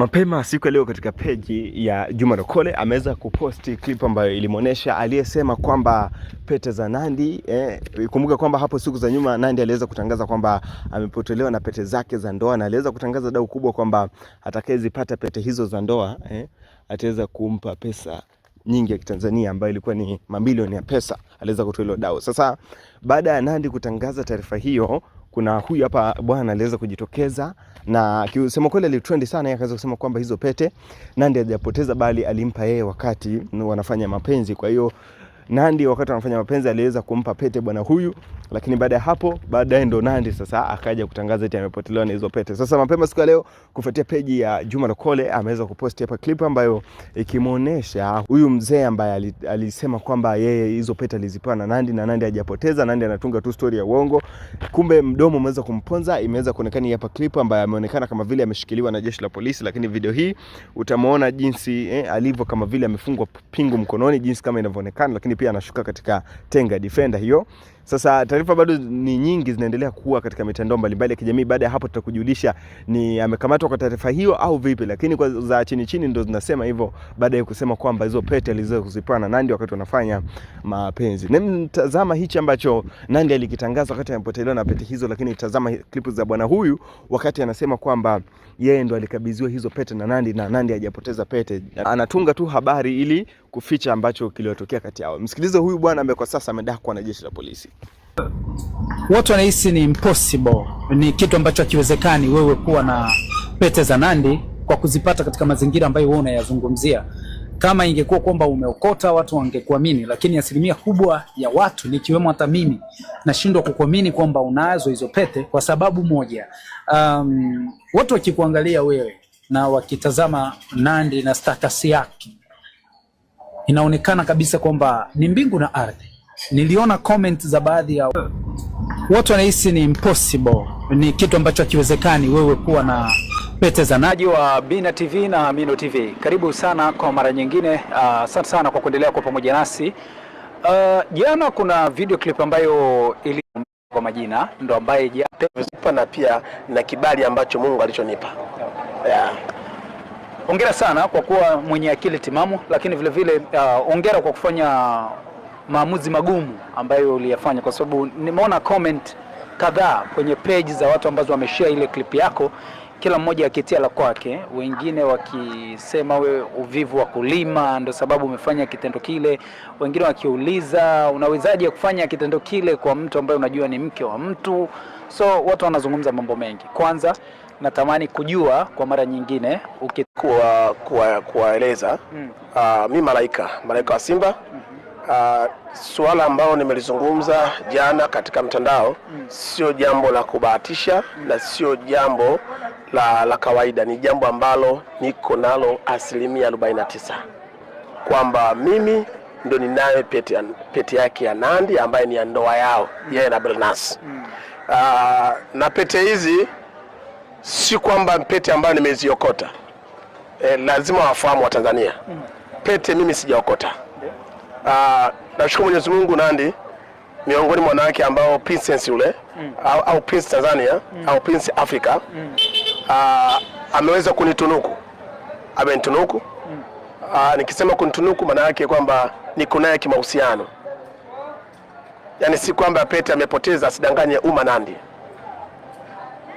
Mapema siku ya leo katika peji ya Juma Lokole ameweza kuposti clip ambayo ilimwonyesha aliyesema kwamba pete za nandi eh, kumbuka kwamba hapo siku za nyuma Nandi aliweza kutangaza kwamba amepotelewa na pete zake za ndoa, na aliweza kutangaza dau kubwa kwamba atakayezipata pete hizo za ndoa eh, ataweza kumpa pesa nyingi ya Kitanzania ambayo ilikuwa ni mamilioni ya pesa. Aliweza kutoa hilo dau. Sasa baada ya nandi kutangaza taarifa hiyo kuna huyu hapa bwana aliweza kujitokeza na kusema kweli, alitrend sana yeye, akaweza kusema kwamba hizo pete nandi hajapoteza, bali alimpa yeye wakati wanafanya mapenzi. Kwa hiyo nandi wakati wanafanya mapenzi aliweza kumpa pete bwana huyu lakini baada ya hapo baadaye ndo Nandy sasa akaja kutangaza eti amepotelewa na hizo pete. Sasa mapema siku ya leo kufuatia peji ya Juma Lokole ameweza kuposti hapa clip ambayo ikimwonyesha huyu mzee ambaye alisema kwamba yeye hizo pete alizipewa na Nandy na Nandy hajapoteza, Nandy anatunga tu story ya uongo, kumbe mdomo umeweza kumponza. Imeweza kuonekana hapa clip ambayo ameonekana kama vile ameshikiliwa na jeshi la polisi, lakini video hii utamwona jinsi eh, alivyo kama vile amefungwa pingu mkononi, jinsi kama inavyoonekana, lakini pia anashuka katika tenga defender hiyo sasa taarifa bado ni nyingi zinaendelea kuwa katika mitandao mbalimbali ya kijamii. Baada ya hapo, tutakujulisha ni amekamatwa kwa taarifa hiyo au vipi, lakini kwa za chini chini ndo zinasema hivyo, baada ya kusema kwamba hizo pete alizo kuzipewa na Nandy wakati wanafanya mapenzi. Na mtazama hichi ambacho Nandy alikitangaza wakati anapotelewa na pete hizo, lakini tazama klipu za bwana huyu wakati anasema kwamba yeye ndo alikabidhiwa hizo pete na Nandy na Nandy hajapoteza pete, anatunga tu habari ili kuficha ambacho kiliotokea kati yao. Msikilize huyu bwana ambaye kwa sasa amedakwa na jeshi la polisi. Watu wanahisi ni impossible, ni kitu ambacho hakiwezekani wewe kuwa na pete za Nandi kwa kuzipata katika mazingira ambayo wewe unayazungumzia. Kama ingekuwa kwamba umeokota watu wangekuamini, lakini asilimia kubwa ya watu nikiwemo hata mimi nashindwa kukuamini kwamba unazo hizo pete kwa sababu moja, um, watu wakikuangalia wewe na wakitazama Nandi na status yake inaonekana kabisa kwamba ni mbingu na ardhi. Niliona comment za baadhi ya watu wanahisi ni impossible, ni kitu ambacho hakiwezekani wewe kuwa na pete za naji wa Bina TV na Mino TV. Karibu sana kwa mara nyingine, ah, asante uh, sana kwa kuendelea kwa pamoja nasi. Ah, jana uh, kuna video clip ambayo ili kwa majina ndo ambaye jana na pia na kibali ambacho Mungu alichonipa yeah. Hongera sana kwa kuwa mwenye akili timamu, lakini vile vile uh, hongera uh, kwa kufanya maamuzi magumu ambayo uliyafanya, kwa sababu nimeona comment kadhaa kwenye page za watu ambazo wameshare ile clip yako, kila mmoja akitia la kwake, wengine wakisema we uvivu wa kulima ndo sababu umefanya kitendo kile, wengine wakiuliza unawezaje kufanya kitendo kile kwa mtu ambaye unajua ni mke wa mtu. So watu wanazungumza mambo mengi. Kwanza natamani kujua kwa mara nyingine kuwaeleza kuwa, kuwa mm. Uh, mi malaika malaika wa Simba mm -hmm. Uh, suala ambalo nimelizungumza jana katika mtandao mm. Sio jambo la kubahatisha mm. Na sio jambo la, la kawaida. Ni jambo ambalo niko nalo asilimia 49 kwamba mimi ndo ninaye pete, pete yake ya Nandi ambaye ni ya ndoa yao mm. yeye na Belnas mm. Uh, na pete hizi si kwamba pete ambayo nimeziokota. E, lazima wafahamu wa tanzania pete mimi sijaokota. Ah, Nashukuru Mwenyezi Mungu Nandi miongoni mwa wanawake ambao Princess yule mm. au, au Prince Tanzania mm. au Prince Africa mm. Ah, Aa, ameweza kunitunuku amenitunuku mm. Ah, Aa, nikisema kunitunuku maana yake kwamba niko naye kimahusiano, yaani si kwamba pete amepoteza, asidanganye umma Nandi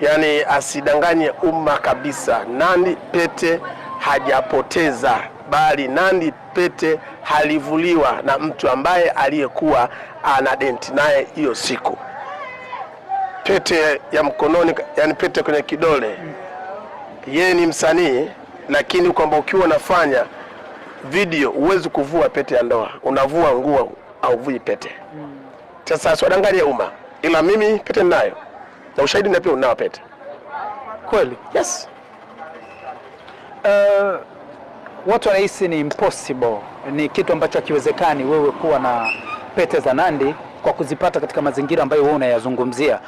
yani asidanganye umma kabisa. Nandi Pete hajapoteza, bali Nandi Pete halivuliwa na mtu ambaye aliyekuwa ana denti naye hiyo siku. Pete ya mkononi, yani pete kwenye kidole, yeye ni msanii, lakini kwamba ukiwa unafanya video huwezi kuvua pete ya ndoa, unavua nguo, hauvui pete. Sasa siwadanganye umma, ila mimi pete ninayo na ushahidi na pia unao pete kweli. Yes. Uh, watu wanahisi ni impossible, ni kitu ambacho hakiwezekani wewe kuwa na pete za Nandi kwa kuzipata katika mazingira ambayo wewe unayazungumzia.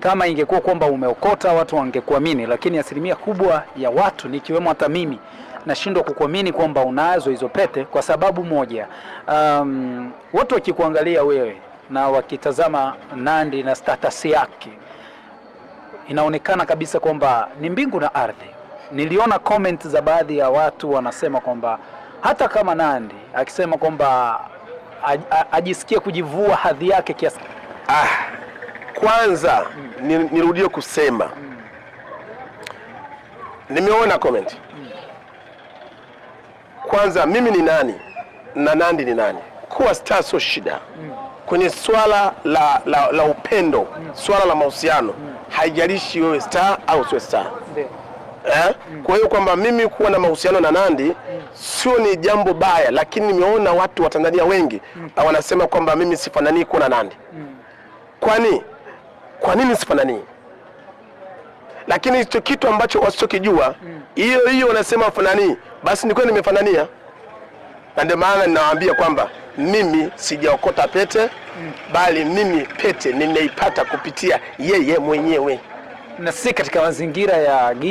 Kama ingekuwa kwamba umeokota watu wangekuamini, lakini asilimia kubwa ya watu nikiwemo hata mimi nashindwa kukuamini kwamba unazo hizo pete kwa sababu moja, um, watu wakikuangalia wewe na wakitazama Nandi na status yake inaonekana kabisa kwamba ni mbingu na ardhi. Niliona comment za baadhi ya watu wanasema kwamba hata kama nandi akisema kwamba ajisikie kujivua hadhi yake kiasi. Ah, kwanza mm. nirudie kusema mm. nimeona comment mm. Kwanza mimi ni nani na nandi ni nani? Kuwa star sio shida mm kwenye swala la, la, la upendo mm. swala la mahusiano mm. haijalishi wewe star au sio star eh? Mm. kwa hiyo kwamba mimi kuwa na mahusiano na Nandy sio ni jambo baya, lakini nimeona watu wa Tanzania wengi wanasema kwamba mimi sifananii kuwa na Nandy kwani kwa nini sifananii? Lakini hicho kitu ambacho wasichokijua hiyo hiyo wanasema fananii, basi nilikuwa nimefanania, na ndio maana ninawaambia kwamba mimi sijaokota pete mm. bali mimi pete nimeipata kupitia yeye mwenyewe na si katika mazingira ya giza.